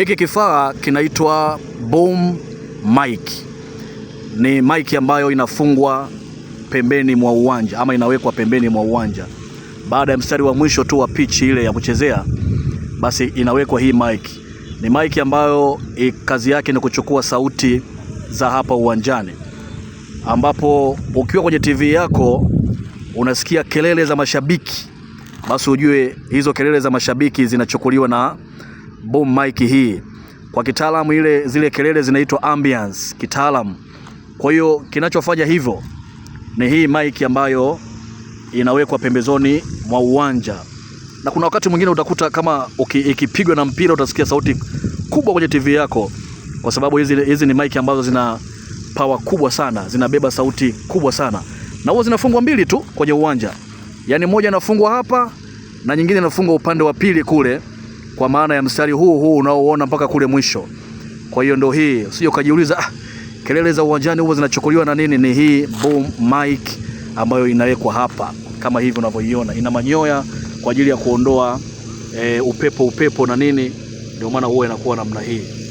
Hiki kifaa kinaitwa boom mic. Ni mic ambayo inafungwa pembeni mwa uwanja ama inawekwa pembeni mwa uwanja. Baada ya mstari wa mwisho tu wa pitch ile ya kuchezea, basi inawekwa hii mic. Ni mic ambayo kazi yake ni kuchukua sauti za hapa uwanjani, ambapo ukiwa kwenye TV yako unasikia kelele za mashabiki, basi ujue hizo kelele za mashabiki zinachukuliwa na boom mic hii, kwa kitaalamu ile zile kelele zinaitwa ambience kitaalamu. Kwa hiyo kinachofanya hivyo ni hii mic ambayo inawekwa pembezoni mwa uwanja, na kuna wakati mwingine utakuta kama ikipigwa na mpira utasikia sauti kubwa kwenye TV yako, kwa sababu hizi hizi ni mic ambazo zina pawa kubwa sana, zinabeba sauti kubwa sana, na huwa zinafungwa mbili tu kwenye uwanja, yaani moja inafungwa hapa na nyingine inafungwa upande wa pili kule kwa maana ya mstari huu huu unaoona mpaka kule mwisho. Kwa hiyo ndo hii, sio kajiuliza ah, kelele za uwanjani huwa zinachukuliwa na nini. Ni hii boom mic ambayo inawekwa hapa kama hivi unavyoiona, ina manyoya kwa ajili ya kuondoa e, upepo upepo na nini, ndio maana huwa inakuwa namna hii.